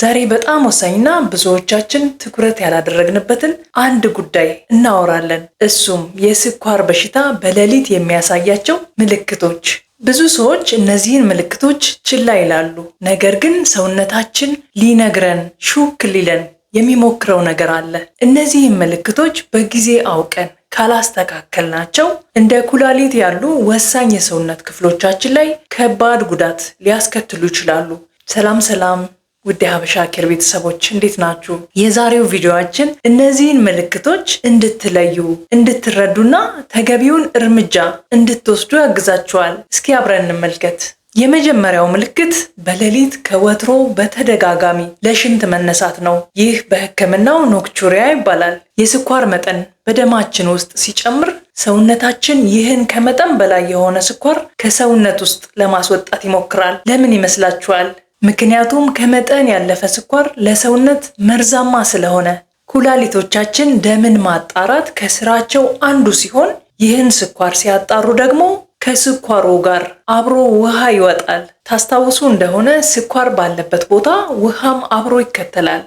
ዛሬ በጣም ወሳኝና ብዙዎቻችን ትኩረት ያላደረግንበትን አንድ ጉዳይ እናወራለን። እሱም የስኳር በሽታ በሌሊት የሚያሳያቸው ምልክቶች። ብዙ ሰዎች እነዚህን ምልክቶች ችላ ይላሉ። ነገር ግን ሰውነታችን ሊነግረን ሹክ ሊለን የሚሞክረው ነገር አለ። እነዚህን ምልክቶች በጊዜ አውቀን ካላስተካከልናቸው እንደ ኩላሊት ያሉ ወሳኝ የሰውነት ክፍሎቻችን ላይ ከባድ ጉዳት ሊያስከትሉ ይችላሉ። ሰላም ሰላም ውድ የሀበሻ ኬር ቤተሰቦች እንዴት ናችሁ? የዛሬው ቪዲዮችን እነዚህን ምልክቶች እንድትለዩ እንድትረዱና ተገቢውን እርምጃ እንድትወስዱ ያግዛችኋል። እስኪ አብረን እንመልከት። የመጀመሪያው ምልክት በሌሊት ከወትሮ በተደጋጋሚ ለሽንት መነሳት ነው። ይህ በሕክምናው ኖክቹሪያ ይባላል። የስኳር መጠን በደማችን ውስጥ ሲጨምር ሰውነታችን ይህን ከመጠን በላይ የሆነ ስኳር ከሰውነት ውስጥ ለማስወጣት ይሞክራል። ለምን ይመስላችኋል? ምክንያቱም ከመጠን ያለፈ ስኳር ለሰውነት መርዛማ ስለሆነ ኩላሊቶቻችን ደምን ማጣራት ከስራቸው አንዱ ሲሆን ይህን ስኳር ሲያጣሩ ደግሞ ከስኳሩ ጋር አብሮ ውሃ ይወጣል። ታስታውሱ እንደሆነ ስኳር ባለበት ቦታ ውሃም አብሮ ይከተላል።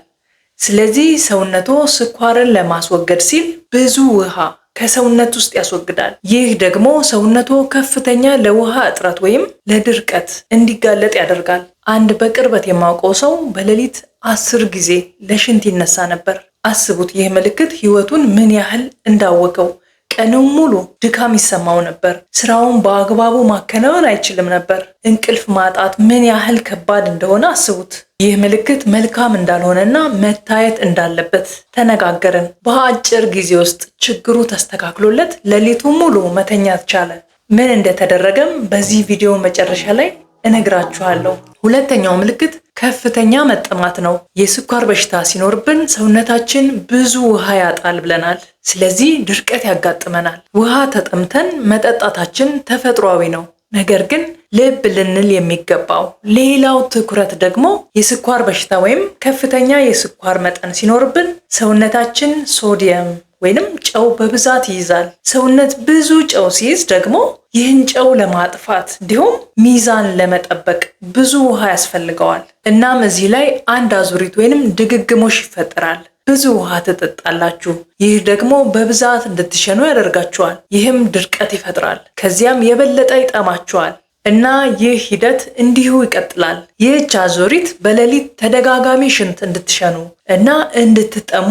ስለዚህ ሰውነቶ ስኳርን ለማስወገድ ሲል ብዙ ውሃ ከሰውነት ውስጥ ያስወግዳል። ይህ ደግሞ ሰውነቶ ከፍተኛ ለውሃ እጥረት ወይም ለድርቀት እንዲጋለጥ ያደርጋል። አንድ በቅርበት የማውቀው ሰው በሌሊት አስር ጊዜ ለሽንት ይነሳ ነበር። አስቡት፣ ይህ ምልክት ህይወቱን ምን ያህል እንዳወቀው። ቀንም ሙሉ ድካም ይሰማው ነበር። ስራውን በአግባቡ ማከናወን አይችልም ነበር። እንቅልፍ ማጣት ምን ያህል ከባድ እንደሆነ አስቡት። ይህ ምልክት መልካም እንዳልሆነና መታየት እንዳለበት ተነጋገርን። በአጭር ጊዜ ውስጥ ችግሩ ተስተካክሎለት ሌሊቱ ሙሉ መተኛት ቻለ። ምን እንደተደረገም በዚህ ቪዲዮ መጨረሻ ላይ እነግራችኋለሁ። ሁለተኛው ምልክት ከፍተኛ መጠማት ነው። የስኳር በሽታ ሲኖርብን ሰውነታችን ብዙ ውሃ ያጣል ብለናል። ስለዚህ ድርቀት ያጋጥመናል። ውሃ ተጠምተን መጠጣታችን ተፈጥሯዊ ነው። ነገር ግን ልብ ልንል የሚገባው ሌላው ትኩረት ደግሞ የስኳር በሽታ ወይም ከፍተኛ የስኳር መጠን ሲኖርብን ሰውነታችን ሶዲየም ወይንም ጨው በብዛት ይይዛል። ሰውነት ብዙ ጨው ሲይዝ ደግሞ ይህን ጨው ለማጥፋት እንዲሁም ሚዛን ለመጠበቅ ብዙ ውሃ ያስፈልገዋል። እናም እዚህ ላይ አንድ አዙሪት ወይንም ድግግሞሽ ይፈጠራል። ብዙ ውሃ ትጠጣላችሁ። ይህ ደግሞ በብዛት እንድትሸኑ ያደርጋችኋል። ይህም ድርቀት ይፈጥራል። ከዚያም የበለጠ ይጠማችኋል እና ይህ ሂደት እንዲሁ ይቀጥላል። ይህች አዙሪት በሌሊት ተደጋጋሚ ሽንት እንድትሸኑ እና እንድትጠሙ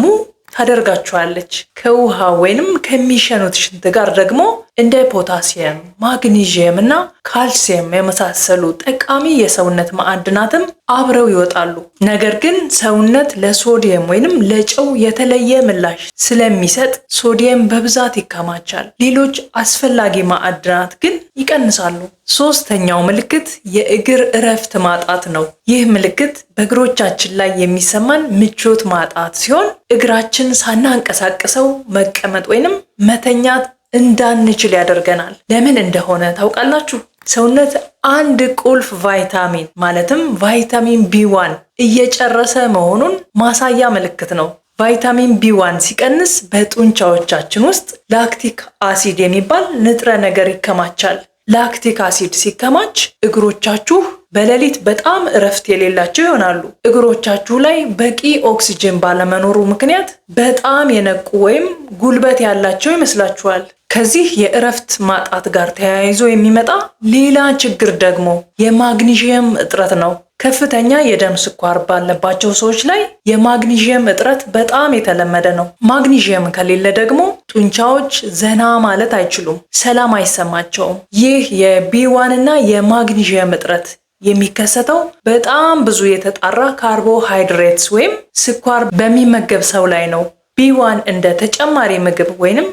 ታደርጋችኋለች። ከውሃ ወይንም ከሚሸኑት ሽንት ጋር ደግሞ እንደ ፖታሲየም፣ ማግኒዥየም እና ካልሲየም የመሳሰሉ ጠቃሚ የሰውነት ማዕድናትም አብረው ይወጣሉ። ነገር ግን ሰውነት ለሶዲየም ወይንም ለጨው የተለየ ምላሽ ስለሚሰጥ ሶዲየም በብዛት ይከማቻል። ሌሎች አስፈላጊ ማዕድናት ግን ይቀንሳሉ። ሶስተኛው ምልክት የእግር እረፍት ማጣት ነው። ይህ ምልክት በእግሮቻችን ላይ የሚሰማን ምቾት ማጣት ሲሆን እግራችን ሳናንቀሳቅሰው መቀመጥ ወይንም መተኛት እንዳንችል ያደርገናል። ለምን እንደሆነ ታውቃላችሁ? ሰውነት አንድ ቁልፍ ቫይታሚን ማለትም ቫይታሚን ቢዋን እየጨረሰ መሆኑን ማሳያ ምልክት ነው። ቫይታሚን ቢዋን ሲቀንስ በጡንቻዎቻችን ውስጥ ላክቲክ አሲድ የሚባል ንጥረ ነገር ይከማቻል። ላክቲክ አሲድ ሲከማች እግሮቻችሁ በሌሊት በጣም እረፍት የሌላቸው ይሆናሉ። እግሮቻችሁ ላይ በቂ ኦክሲጅን ባለመኖሩ ምክንያት በጣም የነቁ ወይም ጉልበት ያላቸው ይመስላችኋል። ከዚህ የእረፍት ማጣት ጋር ተያይዞ የሚመጣ ሌላ ችግር ደግሞ የማግኒዥየም እጥረት ነው። ከፍተኛ የደም ስኳር ባለባቸው ሰዎች ላይ የማግኒዥየም እጥረት በጣም የተለመደ ነው። ማግኒዥየም ከሌለ ደግሞ ጡንቻዎች ዘና ማለት አይችሉም፣ ሰላም አይሰማቸውም። ይህ የቢዋን እና የማግኒዥየም እጥረት የሚከሰተው በጣም ብዙ የተጣራ ካርቦሃይድሬትስ ወይም ስኳር በሚመገብ ሰው ላይ ነው። ቢዋን እንደ ተጨማሪ ምግብ ወይንም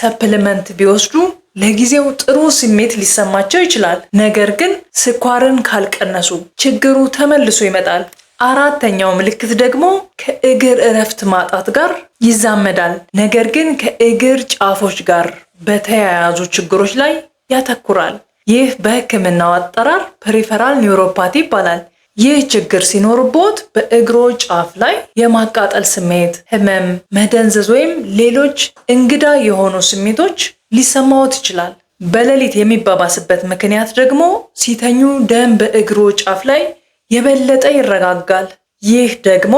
ሰፕልመንት ቢወስዱ ለጊዜው ጥሩ ስሜት ሊሰማቸው ይችላል። ነገር ግን ስኳርን ካልቀነሱ ችግሩ ተመልሶ ይመጣል። አራተኛው ምልክት ደግሞ ከእግር እረፍት ማጣት ጋር ይዛመዳል። ነገር ግን ከእግር ጫፎች ጋር በተያያዙ ችግሮች ላይ ያተኩራል። ይህ በሕክምናው አጠራር ፐሪፈራል ኒውሮፓቲ ይባላል። ይህ ችግር ሲኖርቦት በእግሮ ጫፍ ላይ የማቃጠል ስሜት፣ ህመም፣ መደንዘዝ ወይም ሌሎች እንግዳ የሆኑ ስሜቶች ሊሰማዎት ይችላል። በሌሊት የሚባባስበት ምክንያት ደግሞ ሲተኙ ደም በእግሮ ጫፍ ላይ የበለጠ ይረጋጋል። ይህ ደግሞ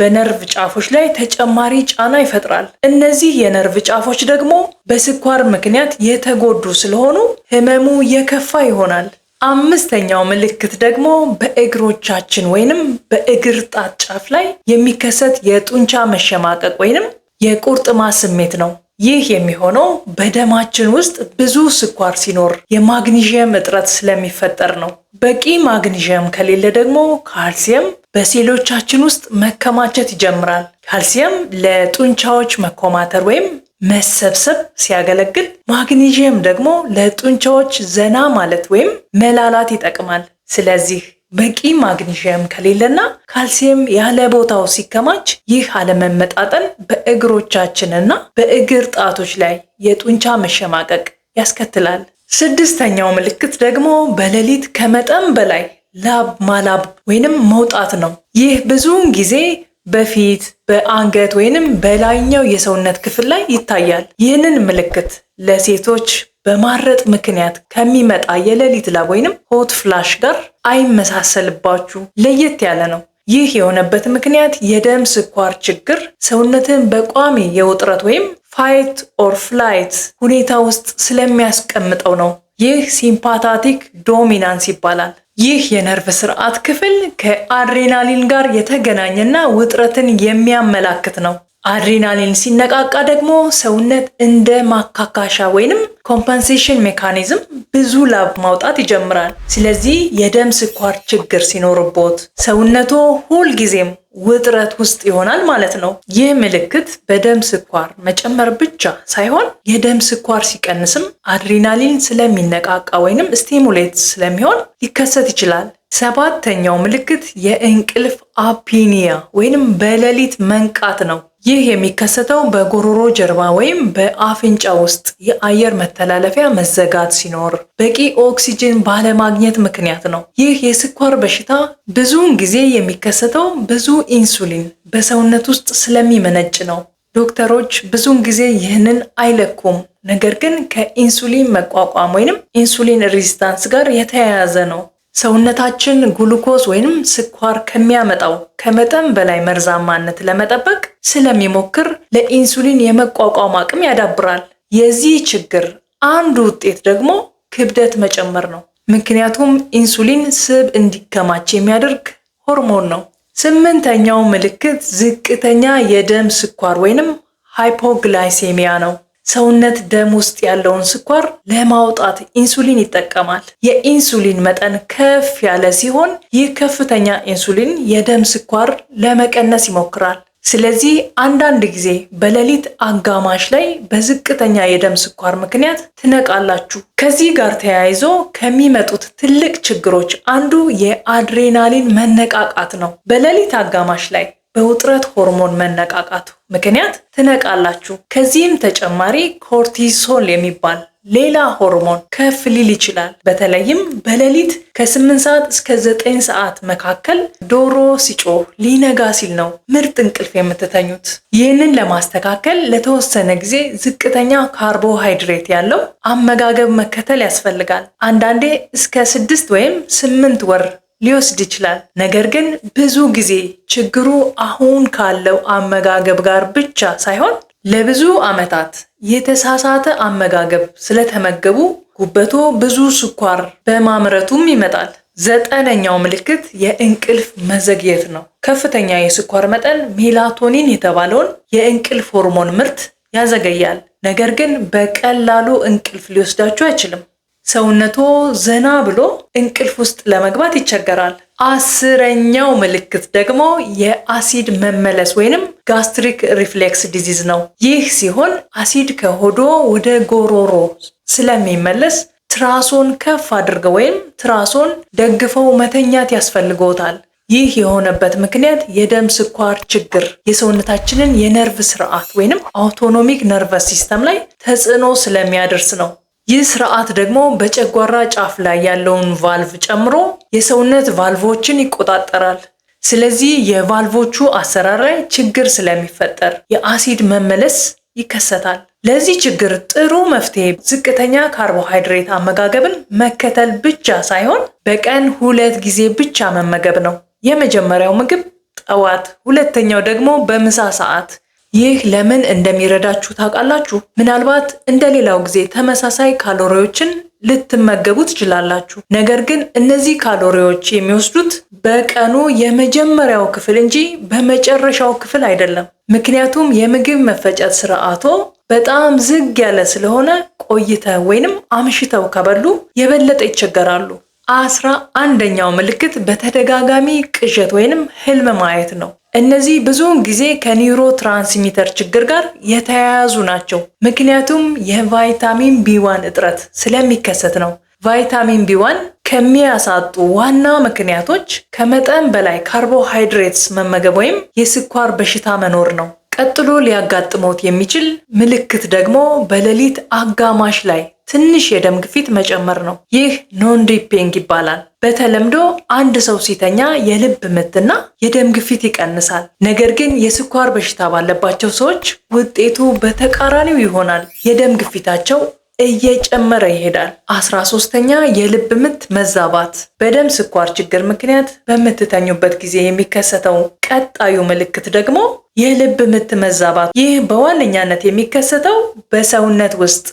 በነርቭ ጫፎች ላይ ተጨማሪ ጫና ይፈጥራል። እነዚህ የነርቭ ጫፎች ደግሞ በስኳር ምክንያት የተጎዱ ስለሆኑ ህመሙ የከፋ ይሆናል። አምስተኛው ምልክት ደግሞ በእግሮቻችን ወይንም በእግር ጣት ጫፍ ላይ የሚከሰት የጡንቻ መሸማቀቅ ወይንም የቁርጥማት ስሜት ነው። ይህ የሚሆነው በደማችን ውስጥ ብዙ ስኳር ሲኖር የማግኒዥየም እጥረት ስለሚፈጠር ነው። በቂ ማግኒዥየም ከሌለ ደግሞ ካልሲየም በሴሎቻችን ውስጥ መከማቸት ይጀምራል። ካልሲየም ለጡንቻዎች መኮማተር ወይም መሰብሰብ ሲያገለግል፣ ማግኒዥየም ደግሞ ለጡንቻዎች ዘና ማለት ወይም መላላት ይጠቅማል። ስለዚህ በቂ ማግኒዥየም ከሌለና ካልሲየም ያለ ቦታው ሲከማች ይህ አለመመጣጠን በእግሮቻችንና በእግር ጣቶች ላይ የጡንቻ መሸማቀቅ ያስከትላል። ስድስተኛው ምልክት ደግሞ በሌሊት ከመጠን በላይ ላብ ማላብ ወይንም መውጣት ነው። ይህ ብዙውን ጊዜ በፊት በአንገት ወይንም በላይኛው የሰውነት ክፍል ላይ ይታያል። ይህንን ምልክት ለሴቶች በማረጥ ምክንያት ከሚመጣ የሌሊት ላብ ወይንም ሆት ፍላሽ ጋር አይመሳሰልባችሁ፣ ለየት ያለ ነው። ይህ የሆነበት ምክንያት የደም ስኳር ችግር ሰውነትን በቋሚ የውጥረት ወይም ፋይት ኦር ፍላይት ሁኔታ ውስጥ ስለሚያስቀምጠው ነው። ይህ ሲምፓታቲክ ዶሚናንስ ይባላል። ይህ የነርቭ ስርዓት ክፍል ከአድሬናሊን ጋር የተገናኘና ውጥረትን የሚያመላክት ነው። አድሪናሊን ሲነቃቃ ደግሞ ሰውነት እንደ ማካካሻ ወይንም ኮምፐንሴሽን ሜካኒዝም ብዙ ላብ ማውጣት ይጀምራል። ስለዚህ የደም ስኳር ችግር ሲኖርቦት ሰውነቶ ሁልጊዜም ውጥረት ውስጥ ይሆናል ማለት ነው። ይህ ምልክት በደም ስኳር መጨመር ብቻ ሳይሆን የደም ስኳር ሲቀንስም አድሪናሊን ስለሚነቃቃ ወይንም ስቲሙሌት ስለሚሆን ሊከሰት ይችላል። ሰባተኛው ምልክት የእንቅልፍ አፒኒያ ወይንም በሌሊት መንቃት ነው። ይህ የሚከሰተው በጉሮሮ ጀርባ ወይም በአፍንጫ ውስጥ የአየር መተላለፊያ መዘጋት ሲኖር በቂ ኦክሲጅን ባለማግኘት ምክንያት ነው። ይህ የስኳር በሽታ ብዙውን ጊዜ የሚከሰተው ብዙ ኢንሱሊን በሰውነት ውስጥ ስለሚመነጭ ነው። ዶክተሮች ብዙውን ጊዜ ይህንን አይለኩም፣ ነገር ግን ከኢንሱሊን መቋቋም ወይንም ኢንሱሊን ሬዚስታንስ ጋር የተያያዘ ነው። ሰውነታችን ግሉኮዝ ወይም ስኳር ከሚያመጣው ከመጠን በላይ መርዛማነት ለመጠበቅ ስለሚሞክር ለኢንሱሊን የመቋቋም አቅም ያዳብራል። የዚህ ችግር አንዱ ውጤት ደግሞ ክብደት መጨመር ነው። ምክንያቱም ኢንሱሊን ስብ እንዲከማች የሚያደርግ ሆርሞን ነው። ስምንተኛው ምልክት ዝቅተኛ የደም ስኳር ወይንም ሃይፖግላይሴሚያ ነው። ሰውነት ደም ውስጥ ያለውን ስኳር ለማውጣት ኢንሱሊን ይጠቀማል። የኢንሱሊን መጠን ከፍ ያለ ሲሆን ይህ ከፍተኛ ኢንሱሊን የደም ስኳር ለመቀነስ ይሞክራል። ስለዚህ አንዳንድ ጊዜ በሌሊት አጋማሽ ላይ በዝቅተኛ የደም ስኳር ምክንያት ትነቃላችሁ። ከዚህ ጋር ተያይዞ ከሚመጡት ትልቅ ችግሮች አንዱ የአድሬናሊን መነቃቃት ነው። በሌሊት አጋማሽ ላይ በውጥረት ሆርሞን መነቃቃቱ ምክንያት ትነቃላችሁ። ከዚህም ተጨማሪ ኮርቲሶል የሚባል ሌላ ሆርሞን ከፍ ሊል ይችላል። በተለይም በሌሊት ከ8 ሰዓት እስከ 9 ሰዓት መካከል ዶሮ ሲጮህ ሊነጋ ሲል ነው ምርጥ እንቅልፍ የምትተኙት። ይህንን ለማስተካከል ለተወሰነ ጊዜ ዝቅተኛ ካርቦሃይድሬት ያለው አመጋገብ መከተል ያስፈልጋል። አንዳንዴ እስከ ስድስት ወይም ስምንት ወር ሊወስድ ይችላል። ነገር ግን ብዙ ጊዜ ችግሩ አሁን ካለው አመጋገብ ጋር ብቻ ሳይሆን ለብዙ ዓመታት የተሳሳተ አመጋገብ ስለተመገቡ ጉበቶ ብዙ ስኳር በማምረቱም ይመጣል። ዘጠነኛው ምልክት የእንቅልፍ መዘግየት ነው። ከፍተኛ የስኳር መጠን ሜላቶኒን የተባለውን የእንቅልፍ ሆርሞን ምርት ያዘገያል። ነገር ግን በቀላሉ እንቅልፍ ሊወስዳችሁ አይችልም። ሰውነቶ ዘና ብሎ እንቅልፍ ውስጥ ለመግባት ይቸገራል። አስረኛው ምልክት ደግሞ የአሲድ መመለስ ወይንም ጋስትሪክ ሪፍሌክስ ዲዚዝ ነው። ይህ ሲሆን አሲድ ከሆዶ ወደ ጎሮሮ ስለሚመለስ ትራሶን ከፍ አድርገው ወይም ትራሶን ደግፈው መተኛት ያስፈልገውታል። ይህ የሆነበት ምክንያት የደም ስኳር ችግር የሰውነታችንን የነርቭ ስርዓት ወይንም አውቶኖሚክ ነርቨስ ሲስተም ላይ ተጽዕኖ ስለሚያደርስ ነው። ይህ ስርዓት ደግሞ በጨጓራ ጫፍ ላይ ያለውን ቫልቭ ጨምሮ የሰውነት ቫልቮችን ይቆጣጠራል። ስለዚህ የቫልቮቹ አሰራር ላይ ችግር ስለሚፈጠር የአሲድ መመለስ ይከሰታል። ለዚህ ችግር ጥሩ መፍትሄ ዝቅተኛ ካርቦሃይድሬት አመጋገብን መከተል ብቻ ሳይሆን በቀን ሁለት ጊዜ ብቻ መመገብ ነው። የመጀመሪያው ምግብ ጠዋት፣ ሁለተኛው ደግሞ በምሳ ሰዓት ይህ ለምን እንደሚረዳችሁ ታውቃላችሁ? ምናልባት እንደ ሌላው ጊዜ ተመሳሳይ ካሎሪዎችን ልትመገቡ ትችላላችሁ። ነገር ግን እነዚህ ካሎሪዎች የሚወስዱት በቀኑ የመጀመሪያው ክፍል እንጂ በመጨረሻው ክፍል አይደለም። ምክንያቱም የምግብ መፈጨት ስርዓቶ በጣም ዝግ ያለ ስለሆነ ቆይተው ወይንም አምሽተው ከበሉ የበለጠ ይቸገራሉ። አስራ አንደኛው ምልክት በተደጋጋሚ ቅዠት ወይንም ህልም ማየት ነው። እነዚህ ብዙውን ጊዜ ከኒውሮ ትራንስሚተር ችግር ጋር የተያያዙ ናቸው። ምክንያቱም የቫይታሚን ቢዋን እጥረት ስለሚከሰት ነው። ቫይታሚን ቢዋን ከሚያሳጡ ዋና ምክንያቶች ከመጠን በላይ ካርቦሃይድሬትስ መመገብ ወይም የስኳር በሽታ መኖር ነው። ቀጥሎ ሊያጋጥሞት የሚችል ምልክት ደግሞ በሌሊት አጋማሽ ላይ ትንሽ የደም ግፊት መጨመር ነው። ይህ ኖንዲፔንግ ይባላል። በተለምዶ አንድ ሰው ሲተኛ የልብ ምትና የደም ግፊት ይቀንሳል። ነገር ግን የስኳር በሽታ ባለባቸው ሰዎች ውጤቱ በተቃራኒው ይሆናል። የደም ግፊታቸው እየጨመረ ይሄዳል። አስራ ሶስተኛ የልብ ምት መዛባት በደም ስኳር ችግር ምክንያት በምትተኙበት ጊዜ የሚከሰተው ቀጣዩ ምልክት ደግሞ የልብ ምት መዛባት። ይህ በዋነኛነት የሚከሰተው በሰውነት ውስጥ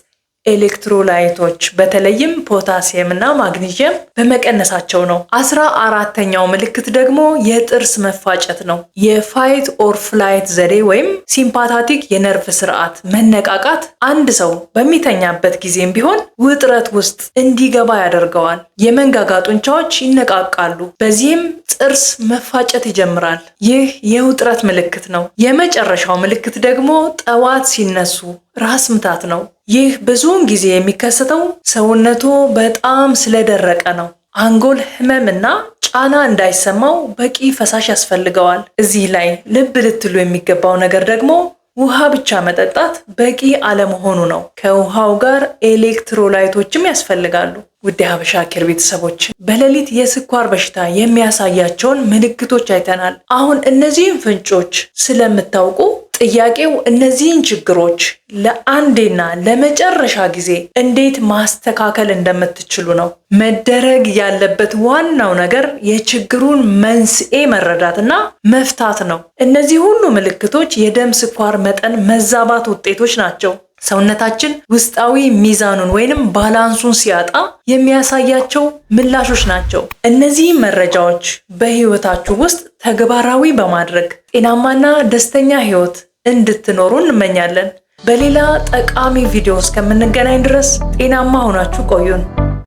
ኤሌክትሮላይቶች በተለይም ፖታሲየም እና ማግኒዥየም በመቀነሳቸው ነው። አስራ አራተኛው ምልክት ደግሞ የጥርስ መፋጨት ነው። የፋይት ኦር ፍላይት ዘዴ ወይም ሲምፓታቲክ የነርቭ ስርዓት መነቃቃት አንድ ሰው በሚተኛበት ጊዜም ቢሆን ውጥረት ውስጥ እንዲገባ ያደርገዋል። የመንጋጋ ጡንቻዎች ይነቃቃሉ። በዚህም ጥርስ መፋጨት ይጀምራል። ይህ የውጥረት ምልክት ነው። የመጨረሻው ምልክት ደግሞ ጠዋት ሲነሱ ራስ ምታት ነው። ይህ ብዙውን ጊዜ የሚከሰተው ሰውነቱ በጣም ስለደረቀ ነው። አንጎል ህመምና ጫና እንዳይሰማው በቂ ፈሳሽ ያስፈልገዋል። እዚህ ላይ ልብ ልትሉ የሚገባው ነገር ደግሞ ውሃ ብቻ መጠጣት በቂ አለመሆኑ ነው። ከውሃው ጋር ኤሌክትሮላይቶችም ያስፈልጋሉ። ውድ የሀበሻ ኬር ቤተሰቦች በሌሊት የስኳር በሽታ የሚያሳያቸውን ምልክቶች አይተናል። አሁን እነዚህን ፍንጮች ስለምታውቁ ጥያቄው እነዚህን ችግሮች ለአንዴና ለመጨረሻ ጊዜ እንዴት ማስተካከል እንደምትችሉ ነው። መደረግ ያለበት ዋናው ነገር የችግሩን መንስኤ መረዳትና መፍታት ነው። እነዚህ ሁሉ ምልክቶች የደም ስኳር መጠን መዛባት ውጤቶች ናቸው። ሰውነታችን ውስጣዊ ሚዛኑን ወይንም ባላንሱን ሲያጣ የሚያሳያቸው ምላሾች ናቸው። እነዚህ መረጃዎች በህይወታችሁ ውስጥ ተግባራዊ በማድረግ ጤናማና ደስተኛ ህይወት እንድትኖሩ እንመኛለን። በሌላ ጠቃሚ ቪዲዮ እስከምንገናኝ ድረስ ጤናማ ሆናችሁ ቆዩን።